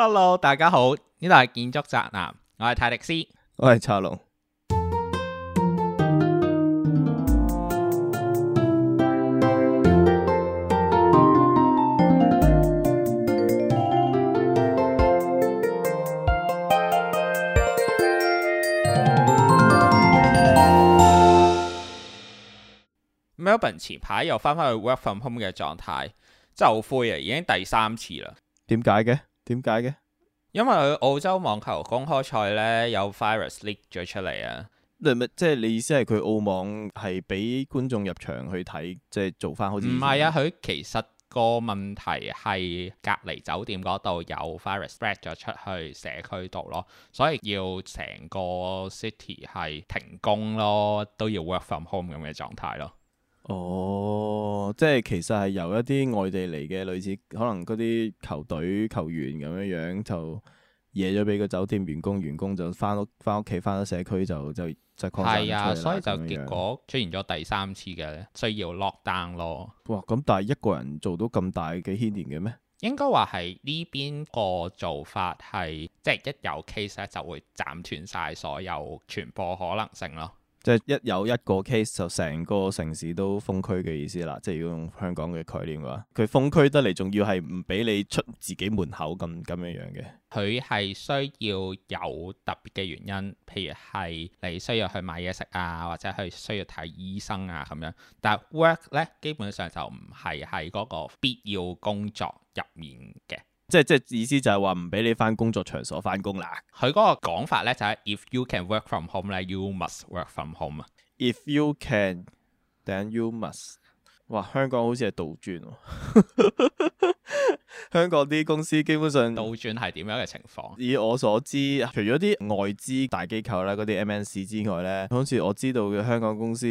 Hello，大家好，呢度係建築宅男，我係泰迪斯，我係叉龍。 Melbourne 前排又返返去 work from home 嘅狀態，真係好灰啊！已經第三次啦，點解嘅？點解嘅？為，因為佢澳洲網球公開賽呢，有 virus leak 咗出嚟啊！你咪即係你意思係佢澳網係俾觀眾入場去睇，即係做翻好似唔係啊？佢其實個問題係隔離酒店嗰度有 virus spread 咗出去社區度咯，所以要成個 city 係停工咯，都要 work from home 咁嘅狀態咯。哦，即係其實係由一啲外地嚟嘅，類似可能嗰啲球隊球員咁樣樣，就惹咗俾個酒店員工，員工就翻屋翻屋企，翻咗社區就就就擴散。係啊，所以就結果出現咗第三次嘅，需要 lock down 咯。哇！咁但係一個人做到咁大嘅牽連嘅咩？應該話係呢，邊個做法係，即係一有 case 咧就會斬斷晒所有傳播可能性咯。即係一有一個 case 就成個城市都封區嘅意思啦，即係要用香港嘅概念嘅話，佢封區得嚟，仲要係唔俾你出自己門口咁咁樣樣嘅。佢係需要有特別嘅原因，譬如係你需要去買嘢食啊，或者係需要睇醫生啊咁樣。但 work 咧，基本上就唔係喺嗰個必要工作入面嘅。即係即係意思就係話唔俾你返工作場所返工啦。佢嗰個講法咧就係，If you can work from home 咧，you must work from home。If you can，then you must。哇，香港好似係倒轉。 香港啲公司基本上倒轉係點樣嘅情況？以我所知，除咗啲外資大機構咧、嗰啲 MNC 之外咧，好似我知道嘅香港公司。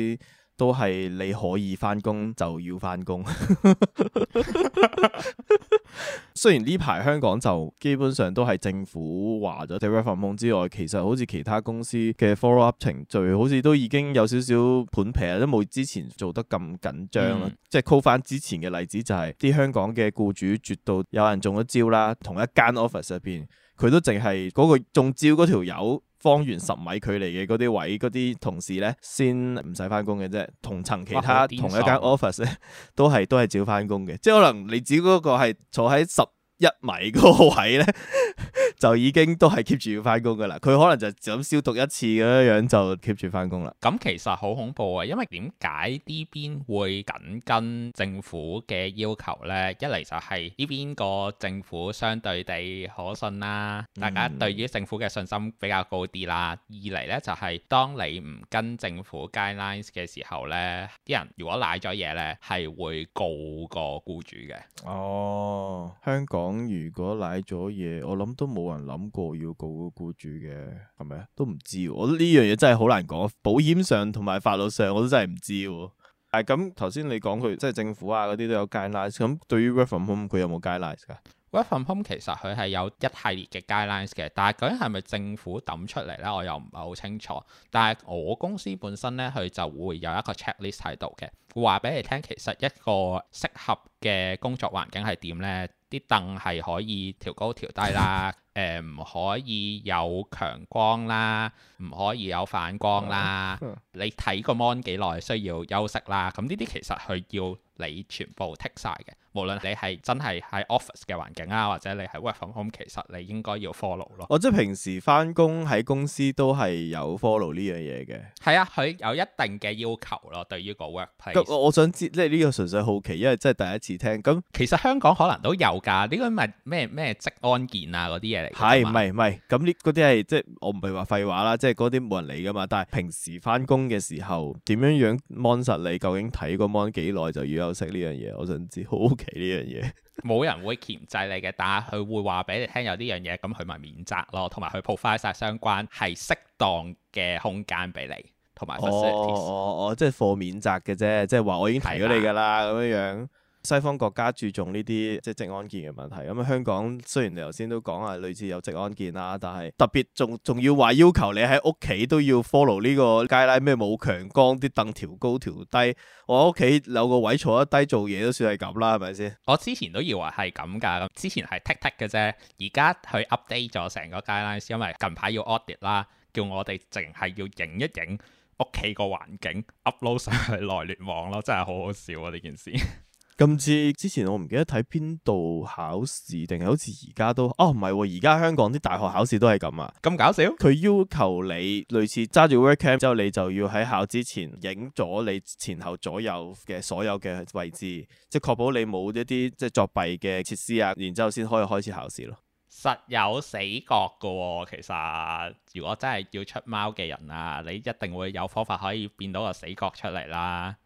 都係你可以返工就要返工，雖然呢排香港就基本上都係政府話咗 Temporary Work 之外，其實好似其他公司嘅 Follow-up 程序，好似都已經有少少盤皮，啦，都冇之前做得咁緊張啦。嗯、即係 call 翻之前嘅例子、就係，就係啲香港嘅僱主絕到有人中咗招啦，同一間 office 入邊，佢都淨係嗰個中招嗰條友。方圓十米距離嘅嗰啲位，嗰啲同事呢先唔使返工嘅啫。同層其他同一間 office 呢都係都係照返工嘅。即係可能你只嗰個係坐喺十一米嗰個位呢。 就已經都係 keep 住要返工嘅啦，佢可能就咁消毒一次咁樣就 keep 住返工啦。咁其實好恐怖啊，因為點解呢邊會緊跟政府嘅要求呢？一嚟就係呢邊個政府相對地可信啦，大家對於政府嘅信心比較高啲啦。嗯、二嚟呢就係當你唔跟政府 guidelines 嘅時候呢，啲人如果賴咗嘢呢，係會告個僱主嘅。哦，香港如果賴咗嘢，我諗都冇。冇人諗過要告個雇主嘅係咪啊？都唔知，我呢樣嘢真係好難講。保險上同埋法律上，我都真係唔知。誒、哎，咁頭先你講佢即係政府啊嗰啲都有 guidelines，咁對於 work from home 佢有冇 guidelines 噶？work from home 其實佢係有一系列嘅 guidelines 嘅，但係究竟係咪政府抌出嚟咧，我又唔係好清楚。但係我公司本身咧，佢就會有一個 checklist 喺度嘅，話俾你聽，其實一個適合嘅工作環境係點咧？啲凳係可以調高調低啦。 誒唔、呃、可以有強光啦，唔可以有反光啦。嗯嗯、你睇個 mon 幾耐，需要休息啦。咁呢啲其實係要你全部剔晒嘅。無論你係真係喺 office 嘅環境啊，或者你係 work from home，其實你應該要 follow 咯。我即係平時翻工喺公司都係有 follow 呢樣嘢嘅。係啊，佢有一定嘅要求咯，對於個 workplace。咁我我想知，即係呢個純粹好奇，因為即係第一次聽。咁、嗯、其實香港可能都有㗎，呢個咪咩咩職安健啊嗰啲嘢嚟。係，唔係唔係。咁呢啲係即係我唔係話廢話啦，即係嗰啲冇人理㗎嘛。但係平時翻工嘅時候，點樣樣 mon 實你？究竟睇個 mon 幾耐就要休息呢樣嘢？我想知。好。呢樣嘢冇人會鉗制你嘅，但係佢會話俾你聽有呢樣嘢，咁佢咪免責咯，同埋佢 provide 曬相關係適當嘅空間俾你，同埋哦哦哦，即係貨免責嘅啫，即係話我已經提咗你㗎喇咁樣樣。西方國家注重呢啲即係職安健嘅問題，咁、嗯、香港雖然你頭先都講啊，類似有職安健啦，但係特別仲仲要話要求你喺屋企都要 follow 呢個街拉咩冇強光，啲凳調高調低，我屋企有個位坐得低做嘢都算係咁啦，係咪先？我之前都以為係咁㗎，之前係 tick tick 嘅啫，而家佢 update 咗成個街拉，因為近排要 audit 啦，叫我哋淨係要影一影屋企個環境 upload 上去內聯網咯，真係好好笑啊！呢件事。今次之前我唔記得睇邊度考試，定係好似而家都哦，唔係喎，而家香港啲大學考試都係咁啊！咁搞笑，佢要求你類似揸住 webcam，之後你就要喺考之前影咗你前後左右嘅所有嘅位置，即係確保你冇一啲即係作弊嘅設施啊，然之後先可以開始考試咯。實有死角㗎喎、哦，其實如果真係要出貓嘅人啊，你一定會有方法可以變到個死角出嚟啦。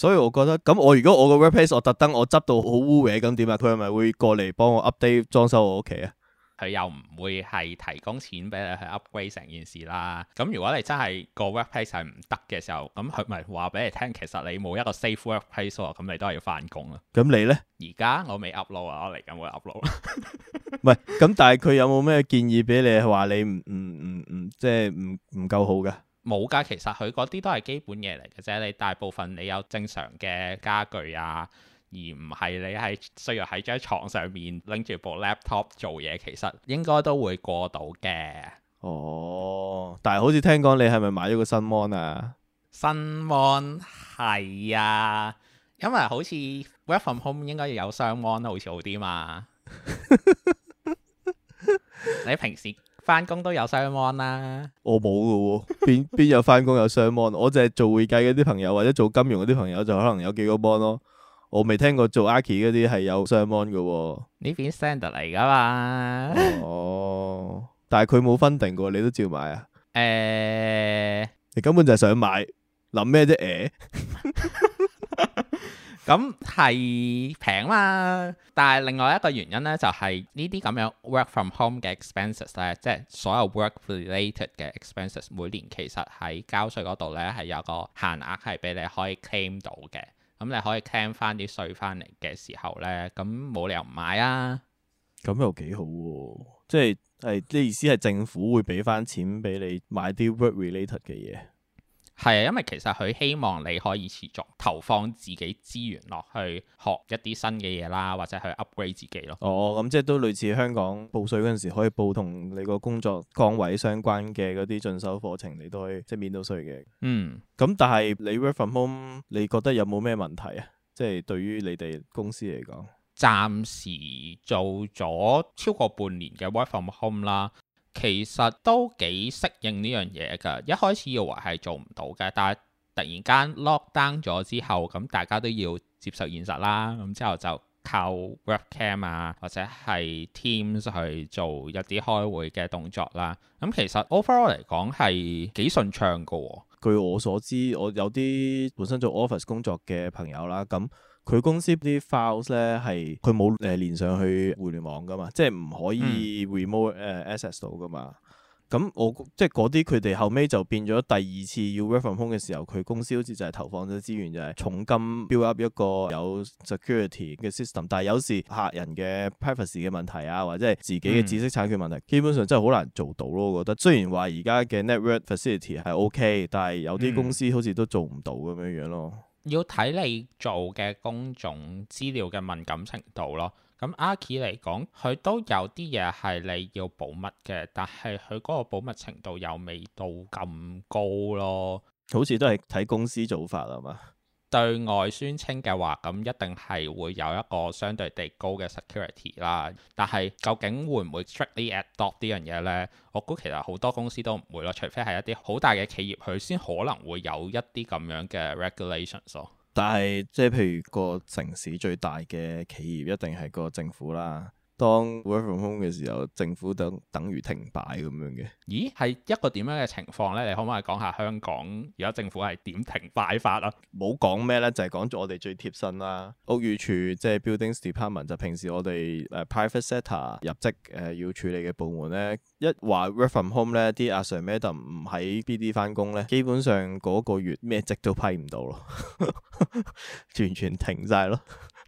所以我覺得咁，我如果我個 workplace 我特登我執到好污穢咁點啊？佢係咪會過嚟幫我 update 裝修我屋企啊？佢又唔會係提供錢俾你去 upgrade 成件事啦。咁如果你真係個 workplace 係唔得嘅時候，咁佢咪話俾你聽，其實你冇一個 safe workplace 喎。咁你都係要翻工啦。咁你咧？而家我未 upload 啊，我嚟緊會 upload。唔係，咁但係佢有冇咩建議俾你話你唔唔唔唔，即係唔唔夠好嘅？冇㗎，其實佢嗰啲都係基本嘢嚟嘅啫。你大部分你有正常嘅家具啊，而唔係你係需要喺張床上面拎住部 laptop 做嘢，其實應該都會過到嘅。哦，但係好似聽講你係咪買咗個新 mon 啊？新 mon 係啊，因為好似 work from home 應該要有雙 mon 好似好啲嘛。 你平時？翻工都有上 m o 啦，我冇噶喎，邊邊日翻工有上 m 我就係做會計嗰啲朋友，或者做金融嗰啲朋友就可能有幾個 m o 咯。我未聽過做 Aki 嗰啲係有上 m o 噶喎。呢邊 send 嚟噶嘛？ 哦，但係佢冇分定 n 你都照買啊？誒、欸，你根本就係想買，諗咩啫？誒、欸。 咁係平嘛，但係另外一個原因咧，就係呢啲咁樣 work from home 嘅 expenses 咧，即係所有 work related 嘅 expenses，每年其實喺交稅嗰度咧係有個限額係俾你可以 claim 到嘅，咁你可以 claim 翻啲稅翻嚟嘅時候咧，咁冇理由唔買啊！咁又幾好喎，即係係啲意思係政府會俾翻錢俾你買啲 work related 嘅嘢。係啊，因為其實佢希望你可以持續投放自己資源落去學一啲新嘅嘢啦，或者去 upgrade 自己咯。哦，咁、嗯、即係都類似香港報稅嗰陣時，可以報同你個工作崗位相關嘅嗰啲進修課程，你都可以即係免到稅嘅。嗯，咁但係你 Work from Home，你覺得有冇咩問題啊？即係對於你哋公司嚟講，暫時做咗超過半年嘅 Work from Home 啦。其實都幾適應呢樣嘢㗎，一開始以為係做唔到嘅，但係突然間 lock down 咗之後，咁大家都要接受現實啦。咁之後就靠 webcam 啊，或者係 Teams 去做一啲開會嘅動作啦。咁其實 overall 嚟講係幾順暢嘅。據我所知，我有啲本身做 office 工作嘅朋友啦，咁。佢公司啲 files 咧係佢冇誒、呃、連上去互聯網噶嘛，即係唔可以 remote 誒 access 到噶嘛。咁、嗯、我即係嗰啲佢哋後尾就變咗第二次要 work from home 嘅時候，佢公司好似就係投放咗資源，就係、是、重金 build up 一個有 security 嘅 system。但係有時客人嘅 privacy 嘅問題啊，或者係自己嘅知識產權問題，嗯、基本上真係好難做到咯。我覺得雖然話而家嘅 network facility 係 OK，但係有啲公司好似都做唔到咁樣樣咯。嗯要睇你做嘅工種資料嘅敏感程度咯。咁 Archi 嚟講，佢都有啲嘢係你要保密嘅，但係佢嗰個保密程度又未到咁高咯。好似都係睇公司做法啦嘛。對外宣稱嘅話，咁一定係會有一個相對地高嘅 security 啦。但係究竟會唔會 strictly adopt 呢樣嘢呢？我估其實好多公司都唔會咯，除非係一啲好大嘅企業，佢先可能會有一啲咁樣嘅 regulations。但係即係譬如個城市最大嘅企業，一定係個政府啦。當 work from home 嘅時候，政府等等於停擺咁樣嘅。咦，係一個點樣嘅情況咧？你可唔可以講下香港而家政府係點停擺法啊？冇講咩咧，就係講咗我哋最貼身啦，屋宇署即係、就是、Buildings Department，就平時我哋誒 private sector 入則誒、呃、要處理嘅部門咧，一話 work from home 咧，啲、啊、阿 sir madam 唔喺 B D 翻工咧，基本上嗰個月咩則都批唔到咯，完 全，全停晒咯。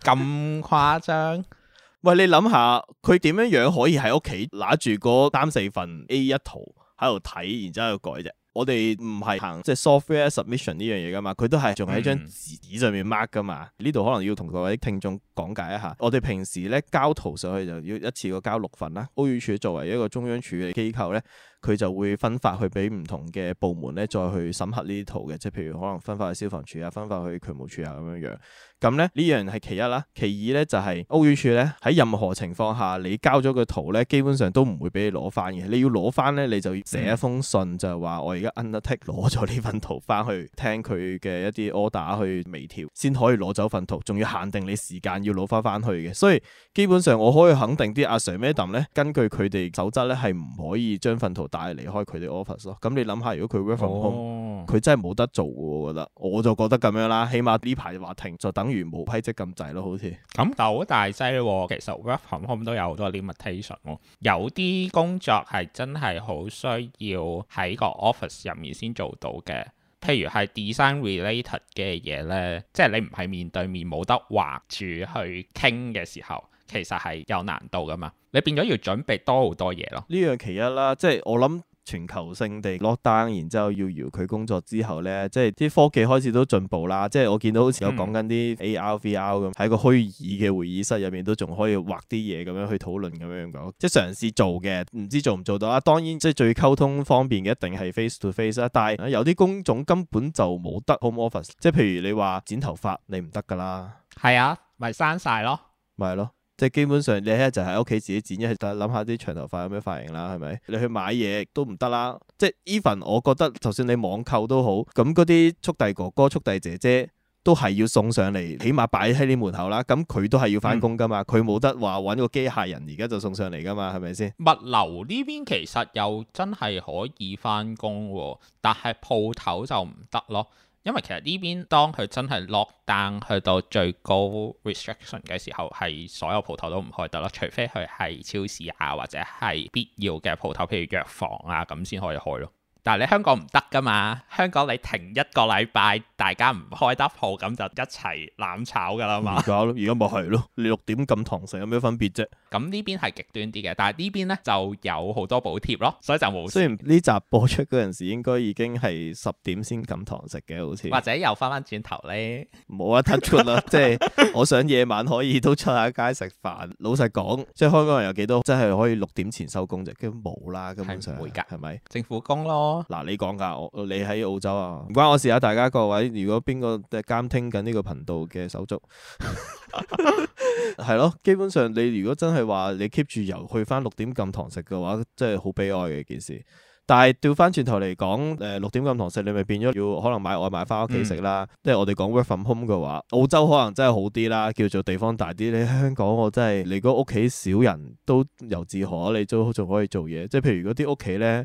咁誇張？ 喂，你諗下佢點樣樣可以喺屋企拿住嗰三四份 A 1圖喺度睇，然之後改啫？我哋唔係行即係 software submission 呢樣嘢噶嘛？佢都係仲喺張紙上面 mark 噶嘛？呢度可能要同各位聽眾講解一下。我哋平時咧，交圖上去就要一次過交六份啦。屋宇署作為一個中央處理機構咧。佢就會分發去俾唔同嘅部門咧，再去審核呢啲圖嘅，即係譬如可能分發去消防處啊，分發去渠務署啊咁樣樣。咁咧呢樣係其一啦，其二咧就係、是、屋宇署咧喺任何情況下，你交咗個圖咧，基本上都唔會俾你攞翻嘅。你要攞翻咧，你就要寫一封信，就係話我而家 undertake 攞咗呢份圖翻去聽佢嘅一啲 order 去微調，先可以攞走份圖，仲要限定你時間要攞翻翻去嘅。所以基本上我可以肯定啲阿、啊、sir madam 咧，根據佢哋守則咧係唔可以將份圖但係離開佢哋 office 咯，咁你諗下，如果佢 remote home，佢真係冇得做嘅，我覺得，我就覺得咁樣啦。起碼呢排話停，就等於冇批職咁滯咯，好似。但好大劑喎、哦，其實 remote home 都有好多 limitation 喎、哦，有啲工作係真係好需要喺個 office 入面先做到嘅，譬如係 design related 嘅嘢咧，即係你唔係面對面冇得畫住去傾嘅時候。其實係有難度噶嘛，你變咗要準備多好多嘢咯。呢樣其一啦，即係我諗全球性地 lockdown，然之後要遙佢工作之後咧，即係啲科技開始都進步啦。即係我見到好似有講緊啲 A R V R 咁喺、嗯、個虛擬嘅會議室入面都仲可以畫啲嘢咁樣去討論咁樣講，即係嘗試做嘅，唔知做唔做到啊。當然即係最溝通方便嘅一定係 face to face 啦。但係有啲工種根本就冇得 home office，即係譬如你話剪頭髮，你唔得㗎啦。係啊，咪閂晒咯，咪係咯。即基本上，你一就喺屋企自己剪一，一係諗下啲長頭髮有咩髮型啦，係咪？你去買嘢都唔得啦。即係 even，我覺得就算你網購都好，咁嗰啲速遞哥哥、速遞姐姐都係要送上嚟，起碼擺喺你門口啦。咁佢都係要返工㗎嘛，佢冇得話揾個機械人而家就送上嚟㗎嘛，係咪先？物流呢邊其實又真係可以返工，但係鋪頭就唔得囉。因為其實呢邊當佢真係 lock down 去到最高 restriction 嘅時候，係所有鋪頭都唔開得啦，除非佢係超市啊，或者係必要嘅鋪頭，譬如藥房啊，咁先可以開咯。但係你香港唔得噶嘛？香港你停一個禮拜，大家唔開得鋪，咁就一齊攬炒噶啦嘛。而家咯，咪係咯。六點禁堂食有咩分別啫？咁呢邊係極端啲嘅，但係呢邊咧就有好多補貼咯，所以就冇。雖然呢集播出嗰陣時應該已經係十點先禁堂食嘅，好似或者又翻翻轉頭咧，冇得出啦。 即係我想夜晚可以都出下街食飯。 老實講，即係香港人有幾多真係可以六點前收工啫？根本冇啦，根本上係回格，係咪政府工咯？嗱、啊，你講噶，我你喺澳洲啊，唔關我事啊。大家各位，如果邊個監聽緊呢個頻道嘅手足，係 咯。基本上你如果真係話你 keep 住由去翻六點禁堂食嘅話，真係好悲哀嘅件事。但係調翻轉頭嚟講，誒、呃，六點禁堂食，你咪變咗要可能買外賣翻屋企食啦。嗯、即係我哋講 work from home 嘅話，澳洲可能真係好啲啦，叫做地方大啲。你喺香港，我真係你個屋企少人都由自可，你都仲可以做嘢。即係譬如嗰啲屋企呢。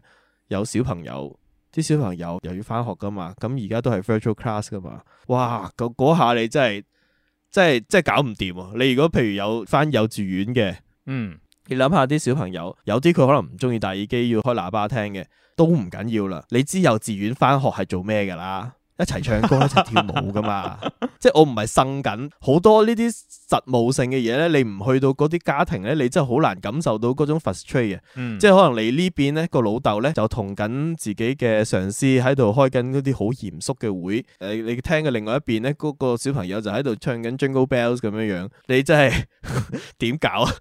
有小朋友，啲小朋友又要翻學噶嘛，咁而家都係 virtual class 噶嘛，哇，嗰下你真係，真係真係搞唔掂啊！你如果譬如有翻幼稚園嘅，嗯，你諗下啲小朋友，有啲佢可能唔中意戴耳機，要開喇叭聽嘅，都唔緊要啦。你知幼稚園翻學係做咩噶啦？一齊唱歌，一齊跳舞噶嘛！ 即係我唔係呻緊好多呢啲實務性嘅嘢咧，你唔去到嗰啲家庭咧，你真係好難感受到嗰種 frustration 嘅。即係可能你呢邊咧，個老豆咧就同緊自己嘅上司喺度開緊嗰啲好嚴肅嘅會。誒，你聽嘅另外一邊咧，嗰個小朋友就喺度唱緊 Jingle Bells 咁樣樣，你真係點 麼搞啊？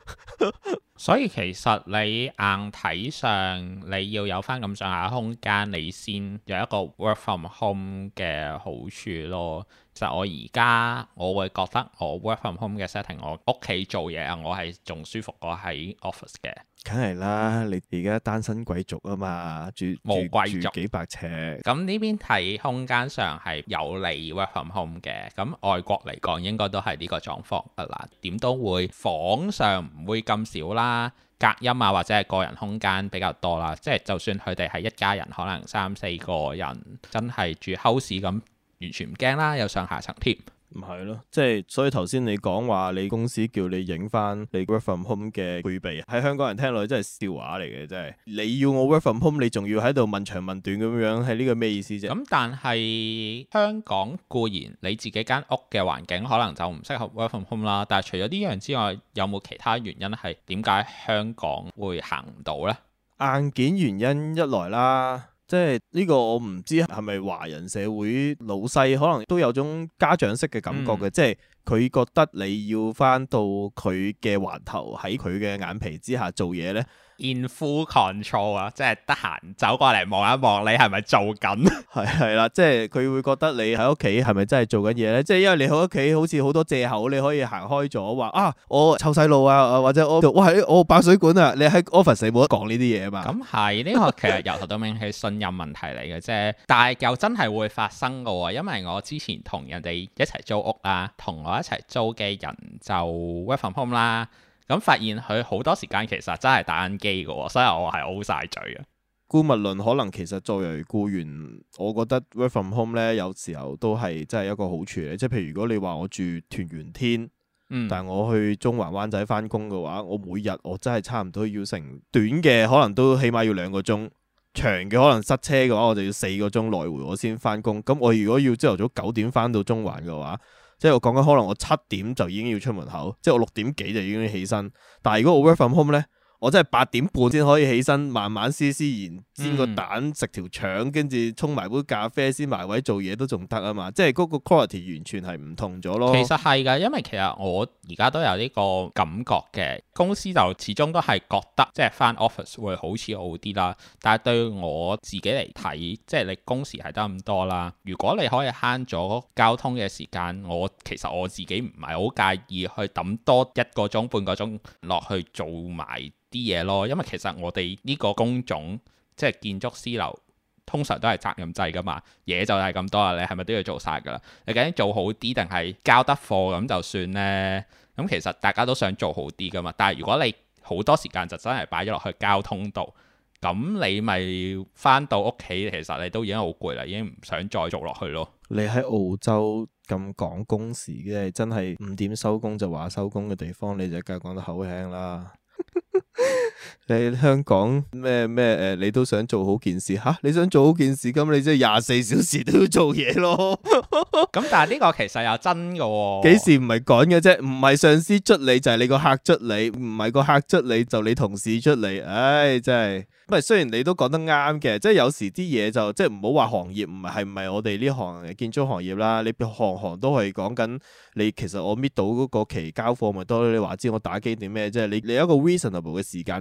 所以其實你硬體上，你要有翻咁上下空間，你先有一個 work from home 嘅好處咯。其實我而家我會覺得我 work from home 嘅 setting，我屋企做嘢啊，我係仲舒服過喺 office 嘅。梗係啦，你而家單身貴族啊嘛，住貴族幾百尺。咁呢、嗯、邊睇空間上係有利 work from home 嘅。咁外國嚟講應該都係呢個狀況啊啦，點都會房上唔會咁少啦，隔音啊或者係個人空間比較多啦。即係就算佢哋係一家人，可能三四個人真係住 house 咁。完全唔驚啦，有上下層添。唔係咯，即係所以頭先你講話，你公司叫你影翻你 Work from Home 嘅配備，喺香港人聽落真係笑話嚟嘅，真係。你要我 Work from Home，你仲要喺度問長問短咁樣，係呢個咩意思啫？咁但係香港固然你自己間屋嘅環境可能就唔適合 Work from Home 啦，但係除咗呢樣之外，有冇其他原因係點解香港會行唔到呢？硬件原因一來啦。即係呢個，我唔知係咪華人社會老細可能都有種家長式嘅感覺嘅，嗯、即係。佢覺得你要返到佢嘅環頭喺佢嘅眼皮之下做嘢咧，in full control 啊， 即係得閒走過嚟望一望你係咪做緊？係係啦，即係佢會覺得你喺屋企係咪真係做緊嘢咧？即係因為你喺屋企好似好多借口你可以行開咗話啊，我湊細路啊，或者我哇，我爆水管啊，你喺 office 冇得講呢啲嘢嘛？咁係呢個其實 由頭到尾係信任問題嚟嘅啫，但係又真係會發生嘅喎，因為我之前同人哋一齊租屋啊，同我一齊租嘅人就 Work from Home 啦，咁、嗯、發現佢好多時間其實真係打緊機嘅，所以我係 O 晒嘴啊。姑勿論可能其實作為僱員，我覺得 Work from Home 咧有時候都係真係一個好處咧。即係譬如如果你話我住屯元天，但係我去中環灣仔返工嘅話，我每日我真係差唔多要成短嘅，可能都起碼要兩個鐘；長嘅可能塞車嘅話，我就要四個鐘來回我先返工。咁我如果要朝頭早九點返到中環嘅話，即係我講緊，可能我七點就已經要出門口，即係我六點幾就已經要起身。但係如果我 work from home 咧，我真係八點半先可以起身，慢慢思思然。煎個蛋食條腸，跟住沖埋杯咖啡先埋位做嘢都仲得啊嘛！即係嗰個 quality 完全係唔同咗咯。其實係㗎，因為其實我而家都有呢個感覺嘅，公司就始終都係覺得即係返 office 會好似好啲啦。但係對我自己嚟睇，即係你工時係得咁多啦。如果你可以慳咗交通嘅時間，我其實我自己唔係好介意去抌多一個鐘半個鐘落去做埋啲嘢咯。因為其實我哋呢個工種。即係建築師樓，通常都係責任制噶嘛，嘢就係咁多啦。你係咪都要做晒噶啦？你究竟做好啲定係交得貨咁就算呢？咁其實大家都想做好啲噶嘛。但係如果你好多時間就真係擺咗落去交通度，咁你咪返到屋企，其實你都已經好攰啦，已經唔想再做落去咯。你喺澳洲咁講工時嘅，真係五點收工就話收工嘅地方，你就梗係講得好輕啦。 你香港咩咩誒，你都想做好件事吓，啊？你想做好件事，咁你即係廿四小時都要做嘢咯。 咁但係呢個其實又真噶，哦，幾時唔係趕嘅啫？唔係上司卒你，你，你，你就係你個客卒你，唔係個客卒你就你同事卒你。唉，真係，唔係雖然你都講得啱嘅，即係有時啲嘢就即係唔好話行業唔係係唔係我哋呢行建築行業啦，你行行都係講緊你。其實我 meet 到嗰個期交貨咪多，你話知我打機點咩？即係你你一個 reasonable 嘅時間。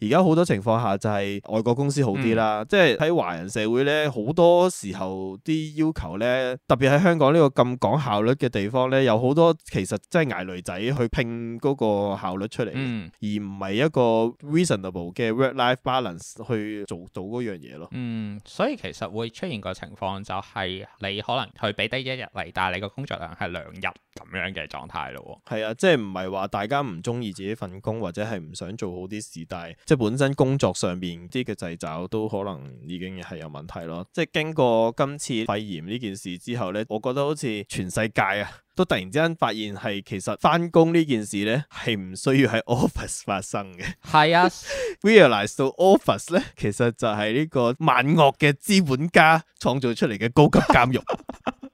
而家好多情況下就係外國公司好啲啦，嗯、即係喺華人社會咧，好多時候啲要求咧，特別喺香港呢個咁講效率嘅地方咧，有好多其實即係捱騾仔去拼嗰個效率出嚟，嗯、而唔係一個 reasonable 嘅 work-life balance 去做做嗰樣嘢咯。嗯，所以其實會出現個情況就係你可能佢俾得一日嚟，但係你個工作量係兩日咁樣嘅狀態咯。係啊，即係唔係話大家唔中意自己份工或者係唔想做好啲事，但係即係本身工作上面啲嘅掣肘都可能已經係有問題咯。即係經過今次肺炎呢件事之後咧，我覺得好似全世界啊～都突然之間發現係其實返工呢件事咧係唔需要喺 office 發生嘅。係啊 realize 到 office 咧其實就係呢個萬惡嘅資本家創造出嚟嘅高級監獄。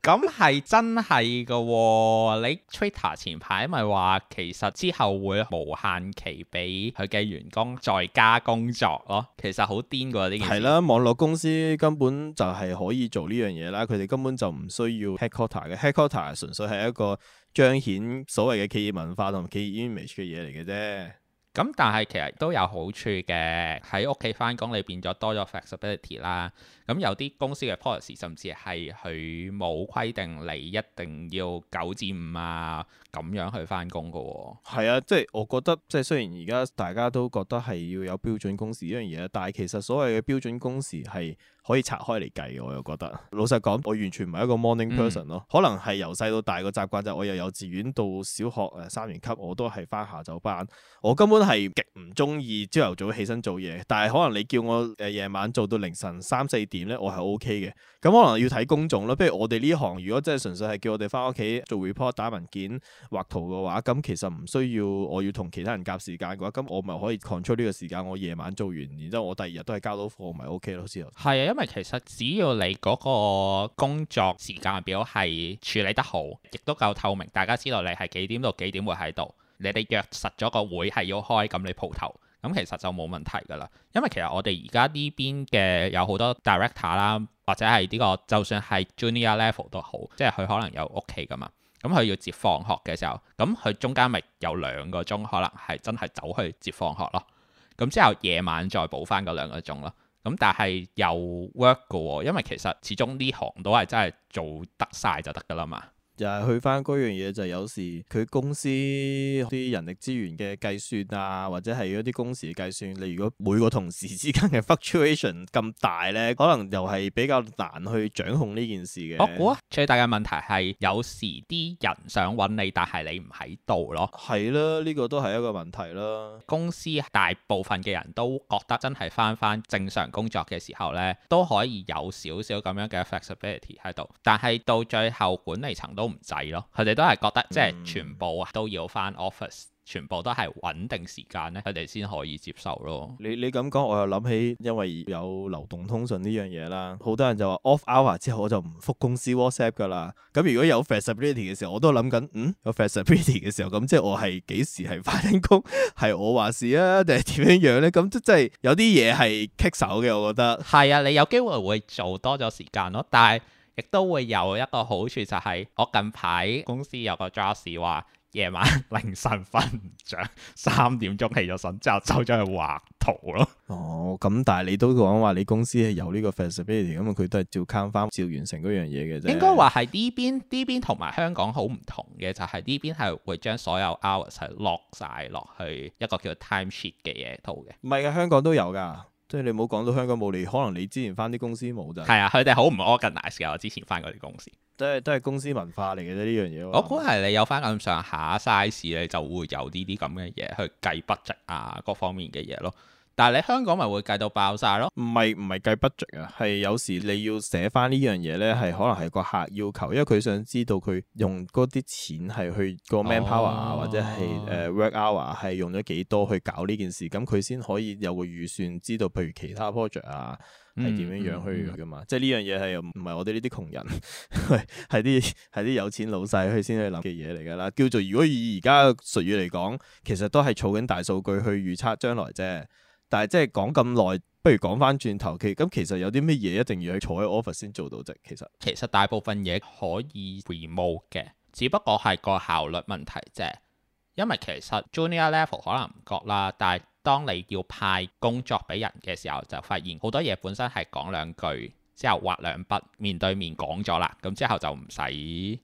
咁係 真係嘅喎！你 Twitter 前排咪話其實之後會無限期俾佢嘅員工在家工作咯、哦？其實好癲㗎呢件事。係啦、啊，網絡公司根本就係可以做呢樣嘢啦，佢哋根本就唔需要 headquarter 嘅 headquarter 純粹係一。個彰顯所謂嘅企業文化同企業 image 嘅嘢嚟嘅啫，咁、嗯、但係其實都有好處嘅，喺屋企返工你變咗多咗 flexibility 啦。咁有啲公司嘅 policy 甚至係佢冇規定你一定要九至五啊咁樣去翻工噶喎。係啊，即係我覺得即係雖然而家大家都覺得係要有標準工時呢樣嘢啦，但係其實所謂嘅標準工時係可以拆開嚟計嘅。我又覺得老實講我完全唔係一個 morning person 咯。嗯，可能係由細到大個習慣就係我由幼稚園到小學誒三年級我都係翻下晝班。我根本係極唔中意朝頭早起身做嘢，但係可能你叫我誒夜晚做到凌晨三四。我係 O K 嘅。咁可能要睇工種咯。不如我哋呢行，如果真係純粹係叫我哋返屋企做 report、打文件、畫圖嘅話，咁其實唔需要我要同其他人夾時間嘅話，咁我咪可以 control 呢個時間，我夜晚做完，然之後我第二日都係交到貨，咪 O K 咯。之後係啊，因為其實只要你嗰個工作時間表係處理得好，亦都夠透明，大家知道你係幾點到幾點會喺度，你哋約實咗個會係要開，咁你鋪頭。咁其實就冇問題㗎啦，因為其實我哋而家呢邊嘅有好多 director 啦，或者係呢、呢個就算係 junior level 都好，即係佢可能有屋企噶嘛。咁、嗯、佢要接放學嘅時候，咁、嗯、佢中間咪有兩個鐘，可能係真係走去接放學咯。咁、嗯、之後夜晚再補翻嗰兩個鐘咯。咁、嗯、但係又 work 㗎喎、哦，因為其實始終呢行都係真係做得晒就得㗎啦嘛。就係去翻樣嘢，就係有時佢公司啲人力資源嘅計算啊，或者係嗰啲工時計算，你如果每個同事之間嘅 fluctuation 咁大咧，可能又係比較難去掌控呢件事嘅。我估啊，最大嘅問題係有時啲人想揾你，但係你唔喺度咯。係啦，呢個都係一個問題啦。公司大部分嘅人都覺得真係翻翻正常工作嘅時候咧，都可以有少少咁樣嘅 flexibility 喺度，但係到最後管理層都。都唔制咯，佢哋都係覺得即係全部都要翻 office，全部都係穩定時間咧，佢哋先可以接受咯。你你咁講，我又諗起，因為有流動通訊呢樣嘢啦，好多人就話 off hour 之後我就唔覆公司 WhatsApp 噶啦。咁如果有 flexibility 嘅時候，我都諗緊，嗯，有 flexibility 嘅時候，咁即係我係幾時係返緊工，係 我話事啊，定係點樣樣咧？咁即係有啲嘢係棘手嘅，我覺得。係啊，你有機會會做多咗時間咯，但係。亦都會有一個好處，就係、係、我近排公司有個 job 係話夜晚凌晨瞓唔着，三點鐘起咗身之後走咗去畫圖咯。哦，咁但係你都講話你公司係有呢個 flexibility，咁佢都係照 count 翻、照完成嗰樣嘢嘅啫。應該話係呢邊，呢邊同埋香港好唔同嘅，就係呢邊係會將所有 hours 係 lock 曬落去一個叫 time sheet 嘅嘢度嘅。唔係嘅，香港都有㗎。所以你冇講到香港冇，你可能你之前翻啲公司冇就係啊，佢哋好唔 o r g a n i z e d，我之前翻嗰啲公司都係都係公司文化嚟嘅啫，呢樣嘢。我估係你有翻咁上下 size 你就會有呢啲咁嘅嘢去計 b 值啊，各方面嘅嘢咯。但係你香港咪會計到爆晒咯？唔係唔係計 budget 啊，係有時你要寫翻呢樣嘢咧，係可能係個客要求，因為佢想知道佢用嗰啲錢係去個 manpower 啊、哦，或者係 work hour 係用咗幾多去搞呢件事，咁佢先可以有個預算，知道譬如其他 project 啊係點樣樣去㗎嘛。嗯嗯嗯、即係呢樣嘢係唔係我哋呢啲窮人係啲係啲有錢老細去先去諗嘅嘢嚟㗎啦。叫做如果以而家嘅術語嚟講，其實都係儲緊大數據去預測將來啫。但係即係講咁耐，不如講返轉頭，其咁其實有啲咩嘢一定要喺坐喺 office 先做到啫？其實其實大部分嘢可以 remote 嘅，只不過係個效率問題啫。因為其實 junior level 可能唔覺啦，但係當你要派工作俾人嘅時候，就發現好多嘢本身係講兩句之後畫兩筆，面對面講咗啦，咁之後就唔使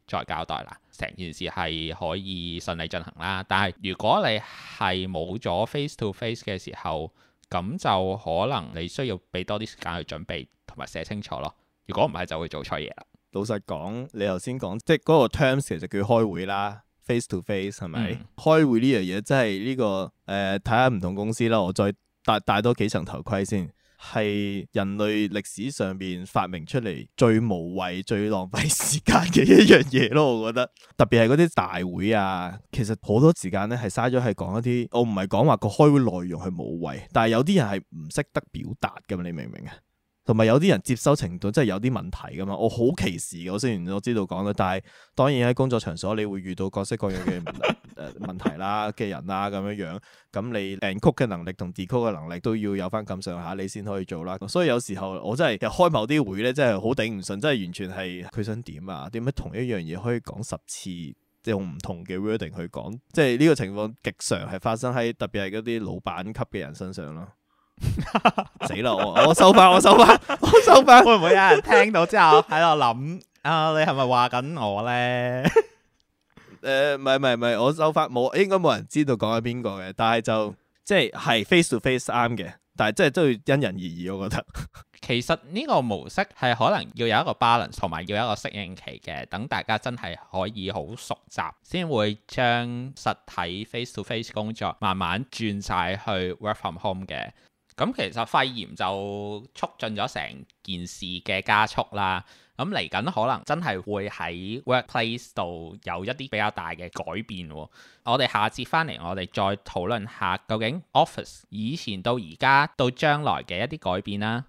再交代啦，成件事係可以順利進行啦。但係如果你係冇咗 face to face 嘅時候，咁就可能你需要俾多啲時間去準備同埋寫清楚咯。如果唔係，就會做錯嘢啦。老實講，你頭先講即係嗰個 terms 其實叫開會啦，face to face 係咪？嗯、開會呢樣嘢真係呢個誒，睇下唔同公司啦，我再戴，戴多幾層頭盔先。係人類歷史上邊發明出嚟最無謂、最浪費時間嘅一樣嘢咯，我覺得特別係嗰啲大會啊，其實好多時間咧係嘥咗，係講一啲我唔係講話個開會內容係無謂，但係有啲人係唔識得表達噶嘛，你明唔明啊？同埋有啲人接收程度真係有啲問題噶嘛，我好歧視嘅。我雖然我知道講咗，但係當然喺工作場所，你會遇到各式各樣嘅問、， 呃、問題啦，嘅人啦咁樣樣。咁你 encode 嘅能力同 decode 嘅能力都要有翻咁上下，你先可以做啦。所以有時候我真係開某啲會咧，真係好頂唔順，真係完全係佢想點啊？點解同一樣嘢可以講十次，即用唔同嘅 wording 去講？即係呢個情況極常係發生喺特別係嗰啲老闆級嘅人身上咯。 死啦！我收翻，我收翻，我收翻， 會唔會有人聽到之後喺度諗啊？你係咪話緊我呢？誒、 呃，唔係唔係，我收翻冇，應該冇人知道講緊邊個嘅。但係就即係 face to face 啱嘅，但係即係都要因人而異。我覺得其實呢個模式係可能要有一個 balance，同埋要有一個適應期嘅。等大家真係可以好熟習，先會將實體 face to face 工作慢慢轉晒去 work from home 嘅。咁其實肺炎就促進咗成件事嘅加速啦。咁嚟緊可能真係會喺 workplace 度有一啲比較大嘅改變。我哋下次翻嚟，我哋再討論下究竟 office 以前到而家到將來嘅一啲改變啦。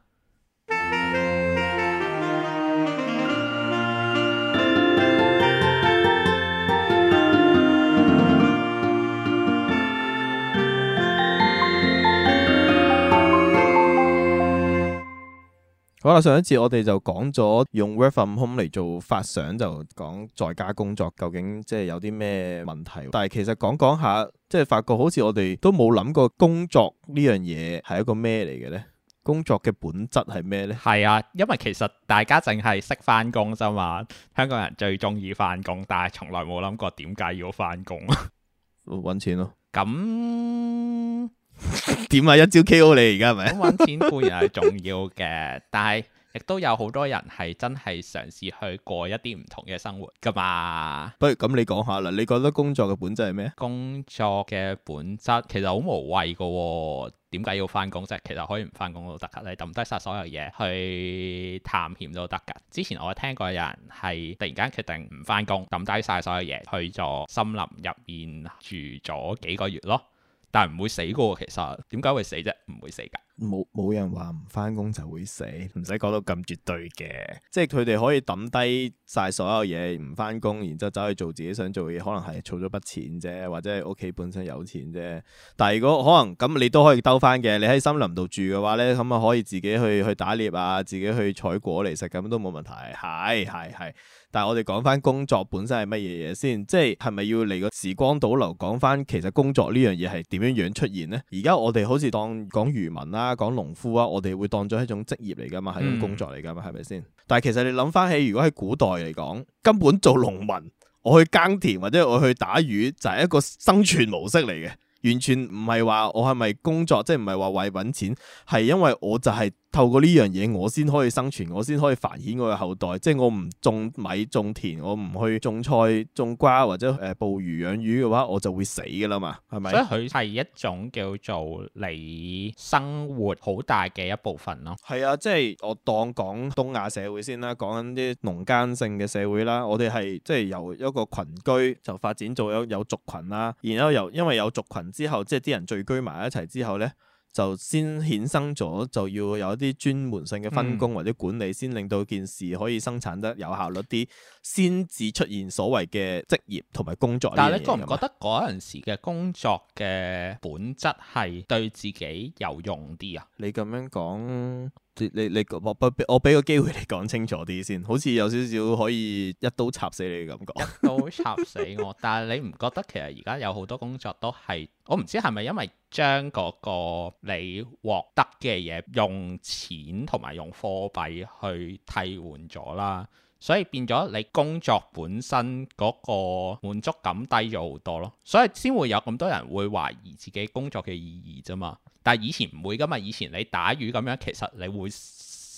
好啦，上一次我哋就講咗用 Work from Home 嚟做發想，就講在家工作究竟即係有啲咩問題？但係其實講講下，即係發覺好似我哋都冇諗過工作呢樣嘢係一個咩嚟嘅呢？工作嘅本質係咩呢？係啊，因為其實大家淨係識翻工啫嘛，香港人最中意翻工，但係從來冇諗過點解要翻工啊？搵 錢咯。咁。點啊一招 K.O 你而家係咪？搵錢固然係重要嘅，但係亦都有好多人係真係嘗試去過一啲唔同嘅生活噶嘛。不如咁，你講下啦。你覺得工作嘅本質係咩？工作嘅本質其實好無謂噶，點解要返工啫？其實可以唔返工都得噶，你抌低晒所有嘢去探險都得噶。之前我聽過有人係突然間決定唔返工，抌低晒所有嘢去咗森林入面住咗幾個月咯。但係唔會死個喎，其實點解會死啫？唔會死㗎。冇冇人話唔返工就會死，唔使講到咁絕對嘅，即係佢哋可以抌低晒所有嘢唔返工，然之後走去做自己想做嘅嘢，可能係儲咗筆錢啫，或者係屋企本身有錢啫。但係如果可能咁，你都可以兜返嘅。你喺森林度住嘅話咧，咁啊可以自己去去打獵啊，自己去採果嚟食，咁都冇問題。係係係。但係我哋講返工作本身係乜嘢嘢先，即係係咪要嚟個時光倒流講返其實工作呢樣嘢係點樣樣出現咧？而家我哋好似當講漁民啦。講農夫啊，我哋會當咗一種職業嚟噶嘛，係一種工作嚟噶嘛，係咪先？但係其實你諗翻起，如果喺古代嚟講，根本做農民，我去耕田或者我去打魚，就係、是、一個生存模式嚟嘅，完全唔係話我係咪工作，即係唔係話為揾錢，係因為我就係、是。透過呢樣嘢，我先可以生存，我先可以繁衍我嘅後代。即係我唔種米種田，我唔去種菜種瓜或者誒捕魚養魚嘅話，我就會死噶啦嘛，係咪？即係佢係一種叫做你生活好大嘅一部分咯。係啊，即係我當講東亞社會先啦，講緊啲農耕性嘅社會啦。我哋係即係由一個群居就發展做有有族群啦，然後又因為有族群之後，即係啲人聚居埋一齊之後咧。就先衍生咗，就要有一啲專門性嘅分工或者管理，先、嗯、令到件事可以生產得有效率啲，先至出現所謂嘅職業同埋工作。但係你覺唔覺得嗰陣時嘅工作嘅本質係對自己有用啲啊？你咁樣講？你你我俾我俾個機會你講清楚啲先，好似有少少可以一刀插死你嘅感覺。一刀插死我， 但係你唔覺得其實而家有好多工作都係，我唔知係咪因為將嗰個你獲得嘅嘢用錢同埋用貨幣去替換咗啦？所以變咗你工作本身嗰個滿足感低咗好多咯，所以先會有咁多人會懷疑自己工作嘅意義啫嘛。但係以前唔會㗎嘛，以前你打魚咁樣，其實你會，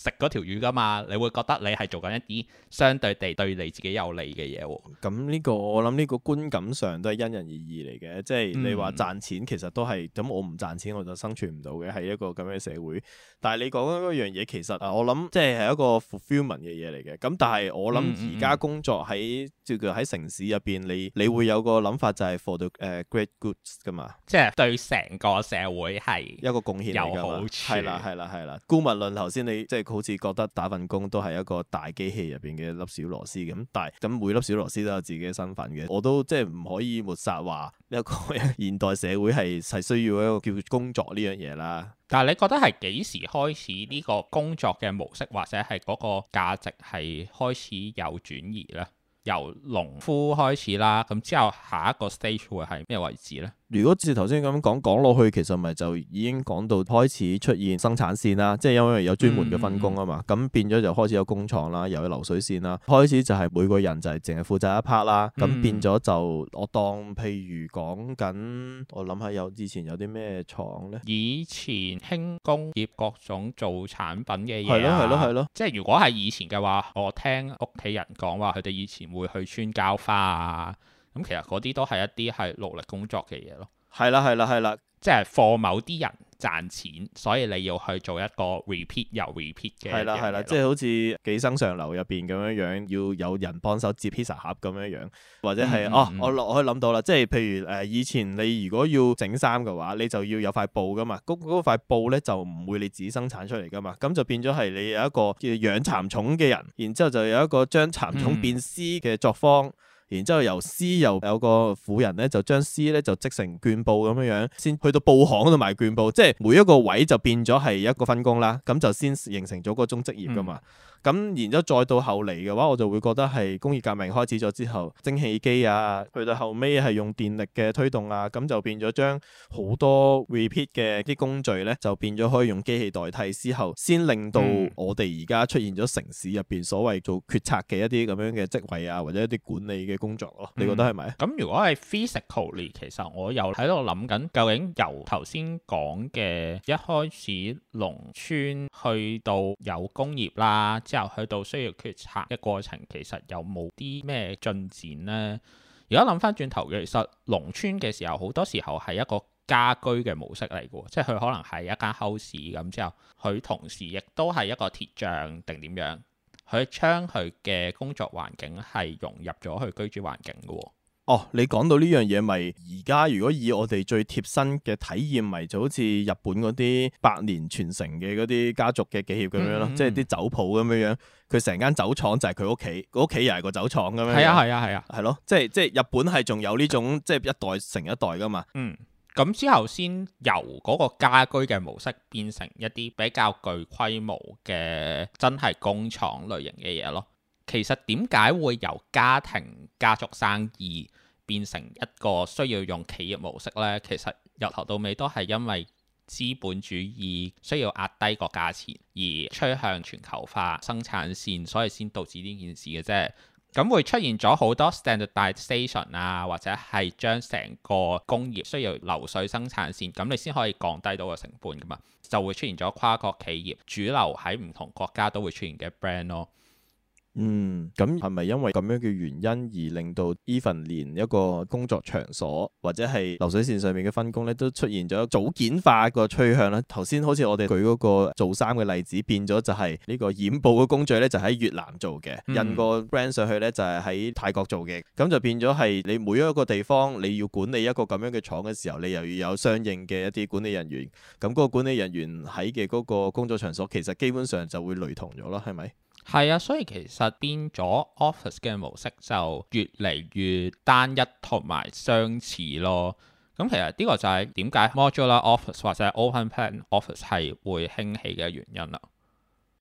食嗰條魚噶嘛，你會覺得你係做緊一啲相對地對你自己有利嘅嘢，咁呢個我諗呢個觀感上都係因人而異嚟嘅，即係你話賺錢其實都係咁，嗯、我唔賺錢我就生存唔到嘅，係一個咁樣嘅社會，但係你講嗰樣嘢其實啊，我諗即係係一個 fulfillment 嘅嘢嚟嘅。咁但係我諗而家工作喺叫做喺城市入邊，你你會有個諗法就係 for the great goods 噶嘛，即係對成個社會係一個貢獻有好處。係啦，係啦，係啦。顧物論頭先你即係。好似覺得打份工都係一個大機器入邊嘅一粒小螺絲咁，但係咁每粒小螺絲都有自己嘅身份嘅。我都即係唔可以抹殺話一個現代社會係係需要一個叫工作呢樣嘢啦。但係你覺得係幾時開始呢個工作嘅模式，或者係嗰個價值係開始有轉移呢？由農夫開始啦，咁之後下一個 stage 會係咩位置呢？如果似頭先咁講講落去，其實咪就已經講到開始出現生產線啦，即係因為有專門嘅分工啊嘛，咁、嗯、變咗就開始有工廠啦，又有流水線啦，開始就係每個人就係淨係負責一 part 啦，咁、嗯、變咗就我當譬如講緊，我諗下有以前有啲咩廠呢？以前輕工業各種做產品嘅嘢，係咯係咯係咯，即係如果係以前嘅話，我聽屋企人講話佢哋以前會去穿膠花啊。咁其實嗰啲都係一啲係努力工作嘅嘢咯。係啦，係啦，係啦，即係幫某啲人賺錢，所以你要去做一個 repeat 又 repeat 嘅。係啦，係啦，即係好似寄生上流入邊咁樣樣，要有人幫手接披薩盒咁樣樣，或者係哦、嗯啊，我落可以諗到啦，即係譬如誒、呃、以前你如果要整衫嘅話，你就要有塊布噶嘛，嗰塊布咧就唔會你自己生產出嚟噶嘛，咁就變咗係你有一個叫養蠶蟲嘅人，然之後就有一個將蠶蟲變絲嘅作坊。嗯然之後由絲又有個婦人咧，就將絲咧就織成絹布咁樣樣，先去到布行嗰度賣絹布，即係每一個位就變咗係一個分工啦，咁就先形成咗嗰種職業噶嘛。嗯咁然之後再到後嚟嘅話，我就會覺得係工業革命開始咗之後，蒸汽機啊，去到後尾係用電力嘅推動啊，咁就變咗將好多 repeat 嘅啲工序咧，就變咗可以用機器代替之後，先令到我哋而家出現咗城市入邊所謂做決策嘅一啲咁樣嘅職位啊，或者一啲管理嘅工作咯、啊。你覺得係咪？咁、嗯、如果係 physically，其實我又喺度諗緊，究竟由頭先講嘅一開始農村去到有工業啦。之後去到需要決策嘅過程，其實有冇啲咩進展呢？如果諗翻轉頭，其實農村嘅時候，好多時候係一個家居嘅模式嚟嘅，即係佢可能係一間 house 咁，之後，佢同時亦都係一個鐵匠定點樣，佢將佢嘅工作環境係融入咗佢居住環境嘅。哦，你講到呢樣嘢，咪而家如果以我哋最貼身嘅體驗，咪就好似日本嗰啲百年傳承嘅嗰啲家族嘅企業咁樣咯，即係啲酒鋪咁樣樣，佢成、嗯嗯、間酒廠就係佢屋企，個屋企又係個酒廠咁樣。係啊，係啊，係啊，係咯，即係即係日本係仲有呢種即係一代成一代噶嘛。嗯，咁之後先由嗰個家居嘅模式變成一啲比較具規模嘅真係工廠類型嘅嘢咯。其實點解會由家庭家族生意變成一個需要用企業模式呢？其實由頭到尾都係因為資本主義需要壓低個價錢，而趨向全球化生產線，所以先導致呢件事嘅啫。咁會出現咗好多 standardization 啊，或者係將成個工業需要流水生產線，咁你先可以降低到個成本㗎嘛，就會出現咗跨國企業主流喺唔同國家都會出現嘅 brand 咯。嗯，咁係咪因為咁樣嘅原因而令到呢份連一個工作場所或者係流水線上面嘅分工咧，都出現咗一個組件化個趨向咧？頭先好似我哋舉嗰個做衫嘅例子，變咗就係呢個染布嘅工序咧，就喺、是、越南做嘅，嗯、印個 brand 上去咧就係、是、喺泰國做嘅，咁就變咗係你每一個地方你要管理一個咁樣嘅廠嘅時候，你又要有相應嘅一啲管理人員，咁嗰個管理人員喺嘅嗰個工作場所，其實基本上就會雷同咗咯，係咪？係啊，所以其實變咗 office 嘅模式就越嚟越單一同埋相似咯。咁其實呢個就係點解 modular office 或者 open plan office 係會興起嘅原因啦。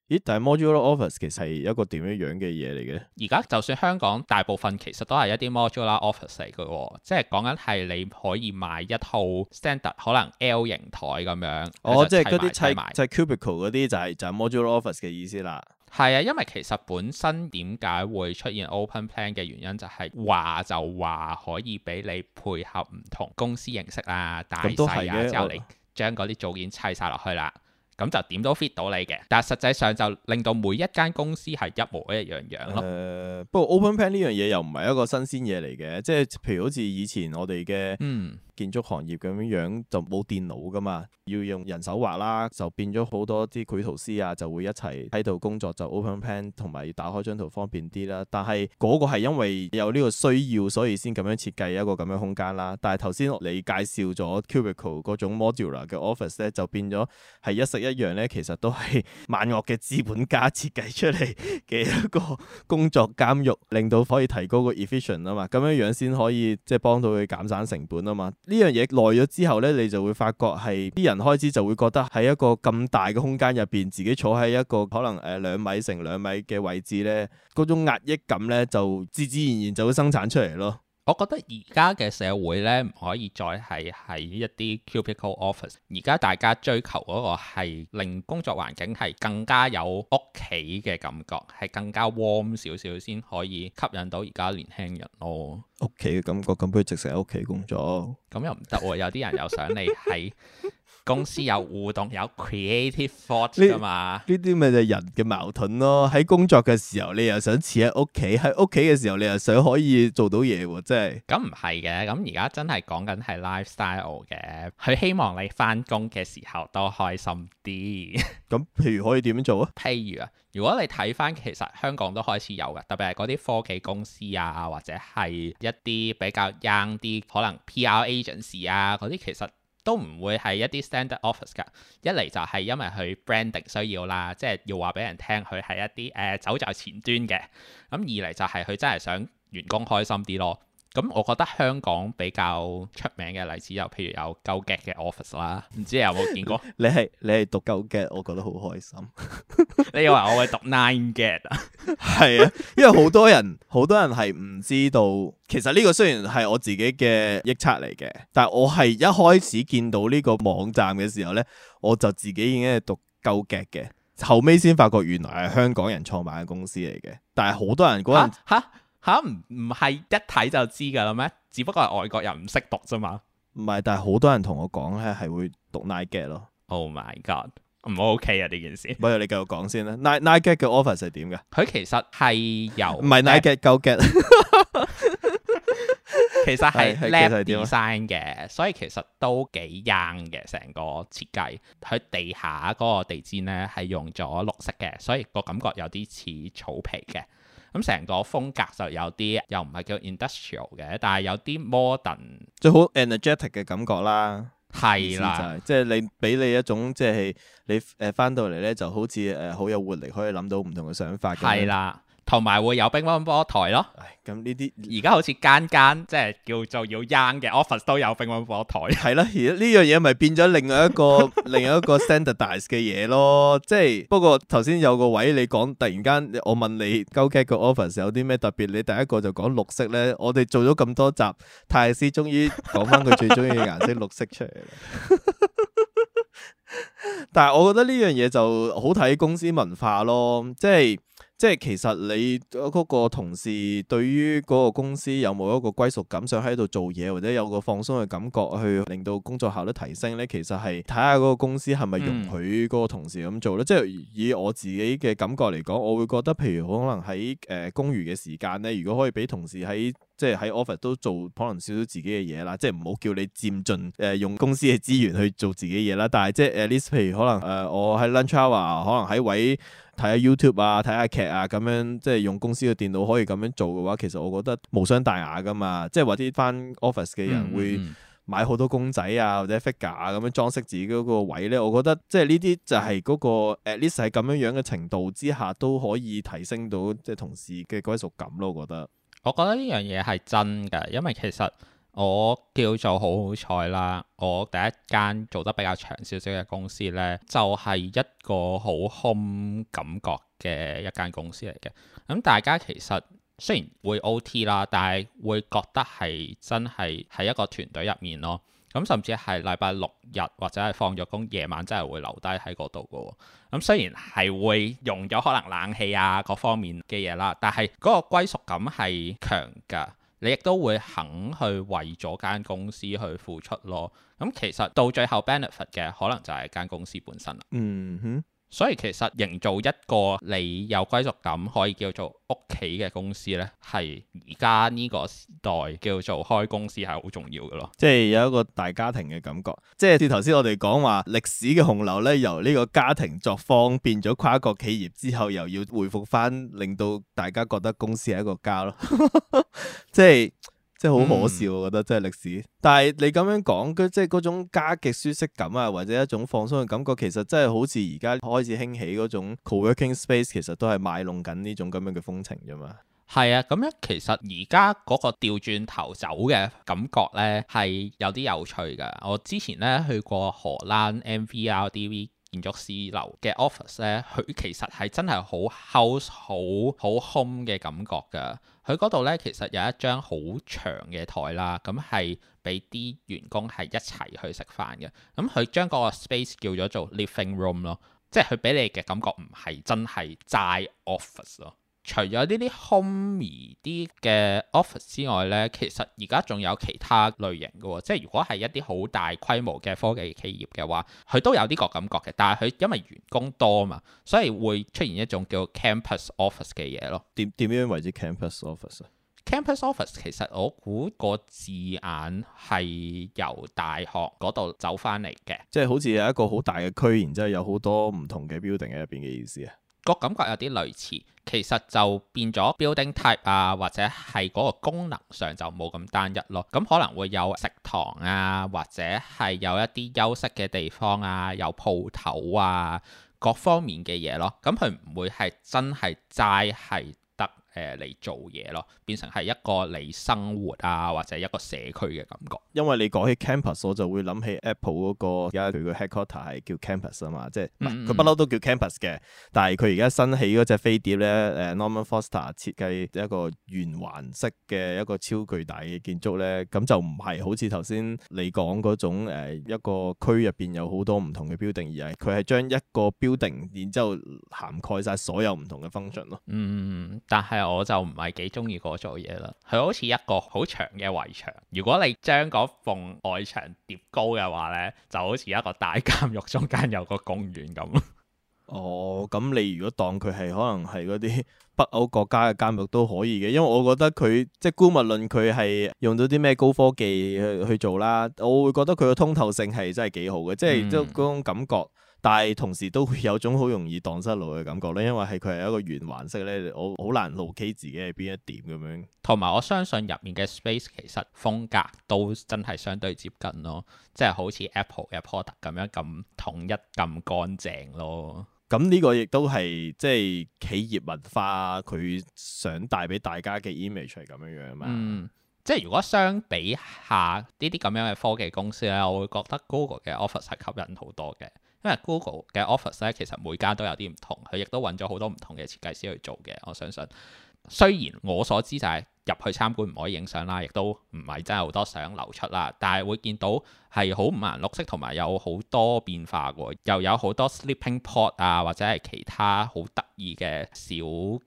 咦？但係 modular office 其實係一個點樣樣嘅嘢嚟嘅？而家就算香港大部分其實都係一啲 modular office 嚟嘅喎，即係講緊係你可以買一套 standard，可能 L 型台咁樣。哦，即係嗰啲砌埋，砌 cubicle 嗰啲就係就係 modular office 嘅意思啦。係啊，因為其實本身點解會出現 open plan 嘅原因，就係話就話可以俾你配合唔同公司形式啊、大細啊，之後你將嗰啲組件砌晒落去啦。咁就點都 fit 到你嘅，但係實際上就令到每一間公司係一模一樣樣咯。誒、呃，不過 open plan 呢樣嘢又唔係一個新鮮嘢嚟嘅，即係譬如好似以前我哋嘅嗯建築行業咁樣樣、嗯、就冇電腦噶嘛，要用人手畫啦，就變咗好多啲繪圖師啊就會一齊喺度工作，就 open plan 同埋打開張圖方便啲啦。但係嗰個係因為有呢個需要，所以先咁樣設計一個咁樣空間啦。但係頭先你介紹咗 cubicle 嗰種 modular 嘅 office 咧，就變咗係一一樣咧，其實都係萬惡嘅資本家設計出嚟嘅一個工作監獄，令到可以提高個 efficiency 啊嘛，咁樣樣先可以即係幫到佢減省成本啊嘛。呢樣嘢耐咗之後咧，你就會發覺係啲人開始就會覺得喺一個咁大嘅空間入邊，自己坐喺一個可能誒兩米乘兩米嘅位置咧，嗰種壓抑感咧就自自然然就會生產出嚟咯。我覺得而家嘅社會呢，唔可以再係喺一啲 cubicle office。而家大家追求嗰個係令工作環境係更加有屋企嘅感覺，係更加 warm 少少先可以吸引到而家年輕人咯。屋企嘅感覺，咁不如直接喺屋企工作。咁又唔得喎，有啲人又想你喺。 公司有互動有 creative force 噶這嘛？呢啲咪就人嘅矛盾咯。喺工作嘅時候，你又想住喺屋企；喺屋企嘅時候，你又想可以做到嘢喎、哦。真係咁唔係嘅。咁而家真係講緊係 lifestyle 嘅。佢希望你返工嘅時候都開心啲。咁 譬如可以點樣做啊？譬如啊，如果你睇返其實香港都開始有嘅，特別係嗰啲科技公司啊，或者係一啲比較 young 啲，可能 PR agency 啊嗰啲，其實，都唔會係一啲 standard office 㗎，一嚟就係因為佢 branding 需要啦，即係要話俾人聽佢係一啲誒、呃、走在前端嘅，咁二嚟就係佢真係想員工開心啲咯。咁、嗯，我覺得香港比較出名嘅例子又譬如有九 gag 嘅 office 啦，唔知你有冇見過？ 你係你係讀九 gag，我覺得好開心。 你以為我係讀 nine gag 啊？係啊，因為好多人好多人係唔知道。其實呢個雖然係我自己嘅臆測嚟嘅，但係我係一開始見到呢個網站嘅時候呢，我就自己已經係讀九 gag 嘅，後尾先發覺原來係香港人創辦嘅公司嚟嘅。但係好多人嗰陣吓，唔唔係一睇就知噶啦咩？只不過係外國人唔識讀啫嘛。唔係，但係好多人同我講咧，係會讀 Nike 咯。Oh my god！唔好 OK 啊，呢件事。不如你繼續講先啦。Nike 嘅 office 係點噶？佢其實係由唔係 Nike Go Get， 其實係靚 design 嘅， 所以其實都幾 young 嘅成個設計。佢地下嗰個地氈咧係用咗綠色嘅，所以個感覺有啲似草皮嘅。咁成個風格就有啲又唔係叫 industrial 嘅，但係有啲 modern，最好 energetic 嘅感覺啦，係啦是的、就係，即係你俾你一種即係你誒翻、呃、到嚟咧就好似誒、呃、好有活力，可以諗到唔同嘅想法嘅，係啦。同埋會有乒乓波台咯，咁呢啲而家好似間間即係叫做要 young 嘅 office 都有乒乓波台，係咯， 而家呢樣嘢咪變咗另外一個 另外一個 standardize 嘅嘢咯，即係不過頭先有個位你講突然間我問你 Google 嘅 office 有啲咩特別，你第一個就講綠色咧，我哋做咗咁多集泰斯終於講翻佢最中意嘅顏色 綠色出嚟， 但係我覺得呢樣嘢就好睇公司文化咯，即係。即係其實你嗰個同事對於嗰個公司有冇一個歸屬感，想喺度做嘢，或者有個放鬆嘅感覺，去令到工作效率提升咧，其實係睇下嗰個公司係咪容許嗰個同事咁做咧。嗯、即係以我自己嘅感覺嚟講，我會覺得譬如可能喺誒公餘嘅時間咧，如果可以俾同事喺即係喺 office 都做可能少少自己嘅嘢啦，即係唔好叫你佔盡誒、呃、用公司嘅資源去做自己嘢啦。但係即係 at least 譬如可能誒我喺 lunch hour 可能喺位睇下 YouTube 啊、睇下劇啊咁樣，即係用公司嘅電腦可以咁樣做嘅話，其實我覺得無傷大雅噶嘛。即係或者返 office 嘅人會買好多公仔啊或者 figure 啊咁樣裝飾自己嗰個位咧，我覺得即係呢啲就係嗰、嗰個 at least 喺咁樣樣嘅程度之下都可以提升到即係同事嘅歸屬感咯。我覺得。我覺得呢樣嘢係真嘅，因為其實我叫做好好彩啦，我第一間做得比較長少少嘅公司呢，就係、是、一個好 home 感覺嘅一間公司嚟嘅。咁、嗯、大家其實雖然會 OT 啦，但係會覺得係真係喺一個團隊入面咯。咁甚至係禮拜六日或者係放咗工，夜晚真係會留低喺嗰度噶。咁雖然係會用咗可能冷氣啊各方面嘅嘢啦，但係嗰個歸屬感係強㗎，你亦都會肯去為咗間公司去付出咯。咁其實到最後 benefit 嘅可能就係間公司本身啦。嗯哼。所以其實營造一個你有歸屬感可以叫做屋企嘅公司呢，係而家呢個時代叫做開公司係好重要嘅咯。即係有一個大家庭嘅感覺，即係似頭先我哋講話歷史嘅洪流呢，由呢個家庭作坊變咗跨國企業之後，又要回復翻，令到大家覺得公司係一個家咯。 即係。即係好可笑，嗯、我覺得真係歷史。但係你咁樣講，即係嗰種家極舒適感啊，或者一種放鬆嘅感覺，其實真係好似而家開始興起嗰種 co-working space，其實都係賣弄緊呢種咁樣嘅風情啫嘛。係啊，咁、嗯、樣其實而家嗰個掉轉頭走嘅感覺咧，係有啲有趣㗎。我之前咧去過荷蘭 MVRDV 建築師樓嘅 office 咧，佢其實係真係好 house 好好 home 嘅感覺㗎。佢嗰度呢，其實有一張好長嘅台啦，咁係俾啲員工係一齊去食飯嘅。咁佢將嗰個 space 叫咗做 Living Room 咯，即係佢俾你嘅感覺唔係真係齋 office 咯。除咗呢啲 homey 啲嘅 office 之外咧，其實而家仲有其他類型嘅、哦、即係如果係一啲好大規模嘅科技企業嘅話，佢都有呢個感覺嘅。但係佢因為員工多嘛，所以會出現一種叫 campus office 嘅嘢咯。點點樣為之 campus office 啊？campus office 其實我估個字眼係由大學嗰度走翻嚟嘅，即係好似有一個好大嘅區，然之後有好多唔同嘅 building 喺入邊嘅意思啊。個感覺有啲類似，其實就變咗 building type 啊，或者係嗰個功能上就冇咁單一咯。咁可能會有食堂啊，或者係有一啲休息嘅地方啊，有鋪頭啊，各方面嘅嘢咯。咁佢唔會係真係齋係。誒嚟、呃、做嘢咯，變成係一個嚟生活啊，或者一個社區嘅感覺。因為你講起 campus，我就會諗起 Apple 嗰個而家佢個 headquarter 係叫 campus 啊嘛，即係佢不嬲都叫 campus 嘅。但係佢而家新起嗰隻飛碟咧，誒、呃、Norman Foster 設計一個圓環式嘅一個超巨大嘅建築咧，咁就唔係好似頭先你講嗰種、呃、一個區入邊有好多唔同嘅 building，而係佢係將一個 building 然之後涵蓋晒所有唔同嘅 function 咯。嗯，但係。我就唔係幾中意嗰座嘢啦，佢好似一個好長嘅圍牆，如果你將嗰個外牆疊高嘅話呢，就好似一個大監獄，中間有個公園咁。哦，咁你如果當佢係可能係嗰啲北歐國家嘅監獄都可以嘅，因為我覺得佢即係姑勿論佢係用咗啲咩高科技去去做啦，我會覺得佢嘅通透性係真係幾好嘅，即係都嗰種感覺。但係同時都會有種好容易蕩失路嘅感覺咧，因為係佢係一個圓環式咧，我好難 lock 自己係邊一點咁樣。同埋我相信入面嘅 space 其實風格都真係相對接近咯，即係好似 Apple 嘅 Product 咁樣咁統一咁乾淨咯。咁呢個亦都係即係企業文化佢想帶俾大家嘅 image 係咁樣樣啊嘛。嗯，即係如果相比下呢啲咁樣嘅科技公司咧，我會覺得 Google 嘅 Office 係吸引好多嘅。因為 Google 嘅 Office 咧，其實每間都有啲唔同，佢亦都揾咗好多唔同嘅設計師去做嘅。我相信，雖然我所知就係、係、入去參觀唔可以影相啦，亦都唔係真係好多相流出啦，但係會見到。係好五顏六色同埋有好多變化喎，又有好多 sleeping pod 啊或者係其他好得意嘅小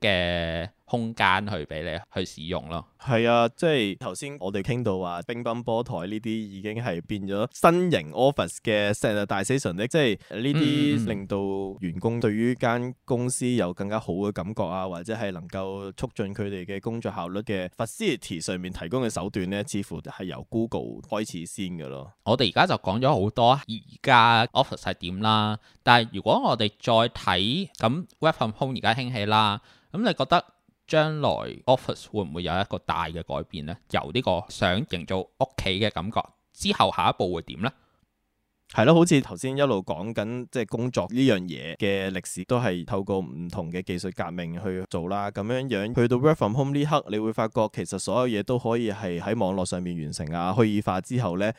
嘅空間去俾你去使用咯。係啊，即係頭先我哋傾到話乒乓波台呢啲已經係變咗新型 office 嘅 set 大 station 咧，即係呢啲令到員工對於間公司有更加好嘅感覺啊，或者係能夠促進佢哋嘅工作效率嘅 facility 上面提供嘅手段咧，似乎係由 Google 開始先嘅咯。我哋而家就講咗好多，而家 office 係點啦？但係如果我哋再睇咁 work from home 而家興起啦，咁你覺得將來 office 會唔會有一個大嘅改變呢？由呢個想營造屋企嘅感覺之後，下一步會點呢？係咯，好似頭先一路講緊即係工作呢樣嘢嘅歷史，都係透過唔同嘅技術革命去做啦。咁樣樣去到 work from home 呢刻，你會發覺其實所有嘢都可以係喺網絡上面完成啊。虛擬化之後呢。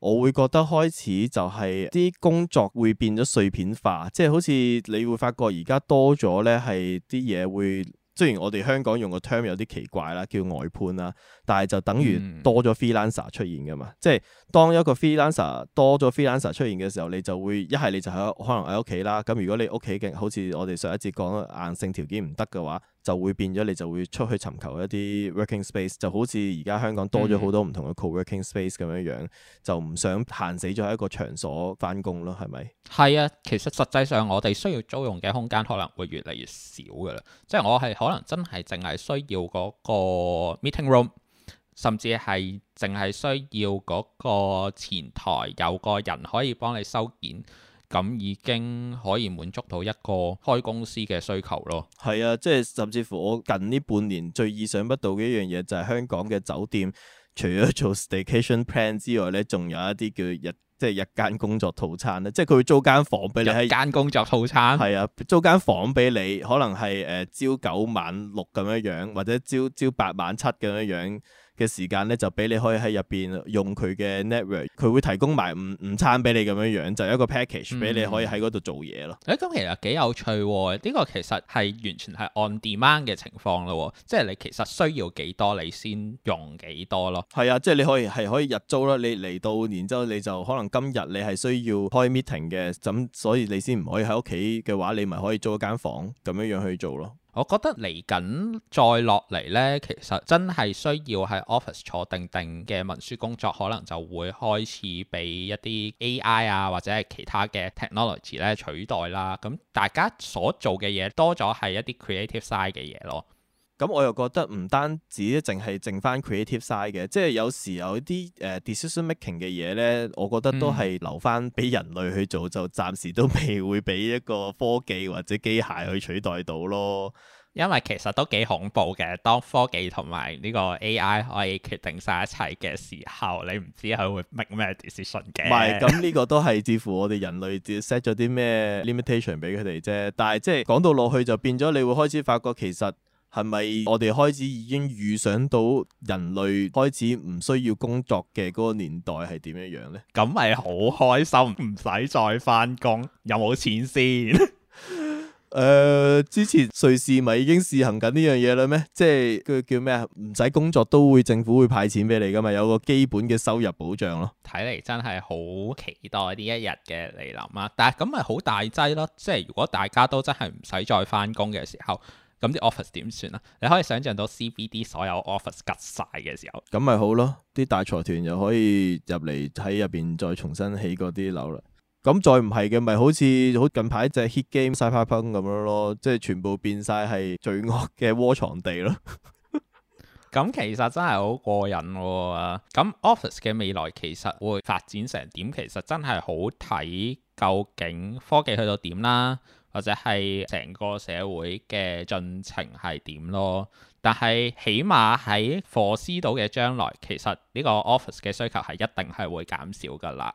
我會覺得開始就係啲工作會變咗碎片化，即係好似你會發覺而家多咗咧，係啲嘢會，雖然我哋香港用個 term 有啲奇怪啦，叫外判啦。但係就等於多咗 freelancer 出現㗎嘛，嗯、即係當一個 freelancer 多咗 freelancer 出現嘅時候，你就會一係你就喺可能喺屋企啦。咁如果你屋企嘅好似我哋上一節講硬性條件唔得嘅話，就會變咗你就會出去尋求一啲 working space，就好似而家香港多咗好多唔同嘅 co-working space 咁樣樣，嗯、就唔想限死咗喺一個場所返工囉，係咪？係啊，其實實際上我哋需要租用嘅空間可能會越嚟越少㗎啦，即係我係可能真係淨係需要嗰個 meeting room。甚至係淨係需要嗰個前台有個人可以幫你收件，咁已經可以滿足到一個開公司嘅需求咯。係啊，即係甚至乎我近呢半年最意想不到嘅一樣嘢就係香港嘅酒店，除咗做 staycation plan 之外呢，仲有一啲叫日即係日間工作套餐咧，即係佢會租間房俾你喺日間工作套餐。係啊，租間房俾你，可能係誒、呃、朝九晚六咁樣樣，或者朝朝八晚七咁樣樣。嘅時間咧，就俾你可以喺入邊用佢嘅 network，佢會提供埋午午餐俾你咁樣樣，就一個 package 俾、嗯、你可以喺嗰度做嘢咯。誒、嗯，咁、欸、其實幾有趣喎？呢、這個其實係完全係 on demand 嘅情況咯，即、就、係、是、你其實需要幾多，你先用幾多咯。係啊，即、就、係、是、你可以係可以日租啦。你嚟到然之後，你就可能今日你係需要開 meeting 嘅，咁所以你先唔可以喺屋企嘅話，你咪可以租一間房咁樣樣去做咯。我覺得嚟緊再落嚟呢，其實真係需要喺 office 坐定定嘅文書工作，可能就會開始畀一啲 AI 啊或者係其他嘅 technology 咧取代啦。咁、嗯、大家所做嘅嘢多咗係一啲 creative side 嘅嘢咯。咁我又覺得唔單止咧，淨係淨翻 creative side 嘅，即係有時有啲誒、呃、decision making 嘅嘢咧，我覺得都係留翻俾人類去做，嗯、就暫時都未會俾一個科技或者機械去取代到咯。因為其實都幾恐怖嘅，當科技同埋呢個 AI 可以決定晒一切嘅時候，你唔知佢會 make 咩 decision 嘅、嗯。唔係，咁呢個都係似乎我哋人類自 set 咗啲咩 limitation 俾佢哋啫。但係即係講到落去就變咗，你會開始發覺其實。係咪我哋開始已經預想到人類開始唔需要工作嘅嗰個年代係點樣樣呢？咁咪好開心，唔使再返工，有冇錢先？誒、 呃，之前瑞士咪已經試行緊呢樣嘢喇咩？即係佢叫咩啊？唔使工作都會政府會派錢俾你噶嘛？有個基本嘅收入保障咯。睇嚟、嗯、真係好期待呢一日嘅嚟臨啊！但係咁咪好大劑咯，即係如果大家都真係唔使再返工嘅時候。咁啲 office 點算啊？你可以想象到 CBD 所有 office 吉晒嘅時候，咁咪好咯？啲大財團又可以入嚟喺入邊再重新起嗰啲樓啦。咁再唔係嘅咪好似好近排隻 hit game Cyberpunk 咁樣咯，即係全部變晒係罪惡嘅窩藏地咯。咁 其實真係好過癮喎、啊。咁 office 嘅未來其實會發展成點？其實真係好睇究竟科技去到點啦。或者係成個社會嘅進程係點咯，但係起碼喺可視到嘅將來，其實呢個 office 嘅需求係一定係會減少㗎啦。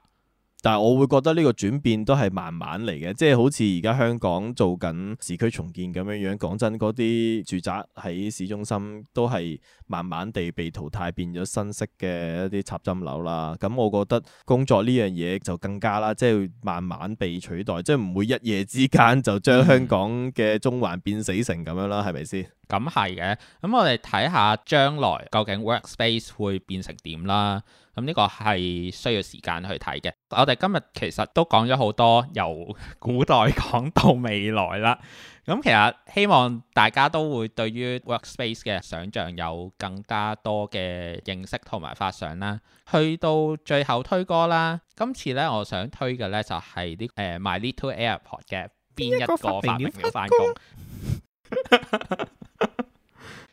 但係我會覺得呢個轉變都係慢慢嚟嘅，即係好似而家香港做緊市區重建咁樣樣。講真，嗰啲住宅喺市中心都係慢慢地被淘汰，變咗新式嘅一啲插針樓啦。咁我覺得工作呢樣嘢就更加啦，即係慢慢被取代，即係唔會一夜之間就將香港嘅中環變死城咁樣啦，係咪先？嗯咁係嘅，咁我哋睇下將來究竟 workspace 會變成點啦。咁呢個係需要時間去睇嘅。我哋今日其實都講咗好多，由古代講到未來啦。咁其實希望大家都會對於 workspace 嘅想象有更加多嘅認識同埋發想啦。去到最後推歌啦，今次呢我想推嘅呢就係啲誒 My Little Airport 嘅邊一個發明了返工？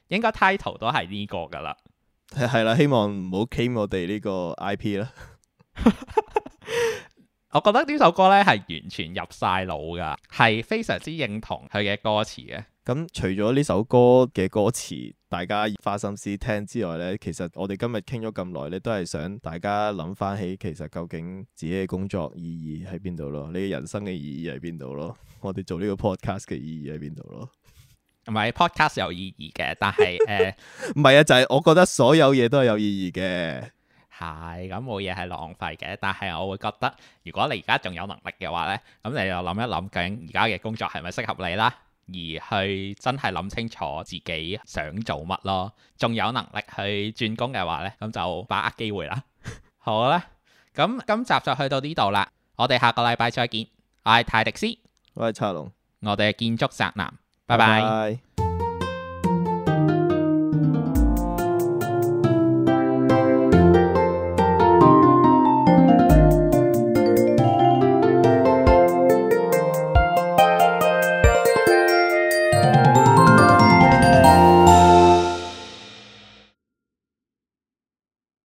應該 title 都係呢個噶啦，係啦，希望唔好 claim 我哋呢個 IP 啦。我覺得呢首歌咧係完全入晒腦噶，係非常之認同佢嘅歌詞嘅。咁、嗯、除咗呢首歌嘅歌詞，大家花心思聽之外咧，其實我哋今日傾咗咁耐咧，都係想大家諗翻起，其實究竟自己嘅工作意義喺邊度咯？你嘅人生嘅意義喺邊度咯？我哋做呢個 podcast 嘅意義喺邊度咯？係咪 podcast 有意義嘅？但係誒，唔係啊，就係、是、我覺得所有嘢都係有意義嘅。係，咁冇嘢係浪費嘅。但係我會覺得，如果你而家仲有能力嘅話呢，咁你就諗一諗，究竟而家嘅工作係咪適合你啦？而去真係諗清楚自己想做乜咯？仲有能力去轉工嘅話呢，咁就把握機會啦。 好啦，咁今集就去到呢度啦。我哋下個禮拜再見。我係泰迪斯，我係查龍，我哋係建築宅男。拜拜。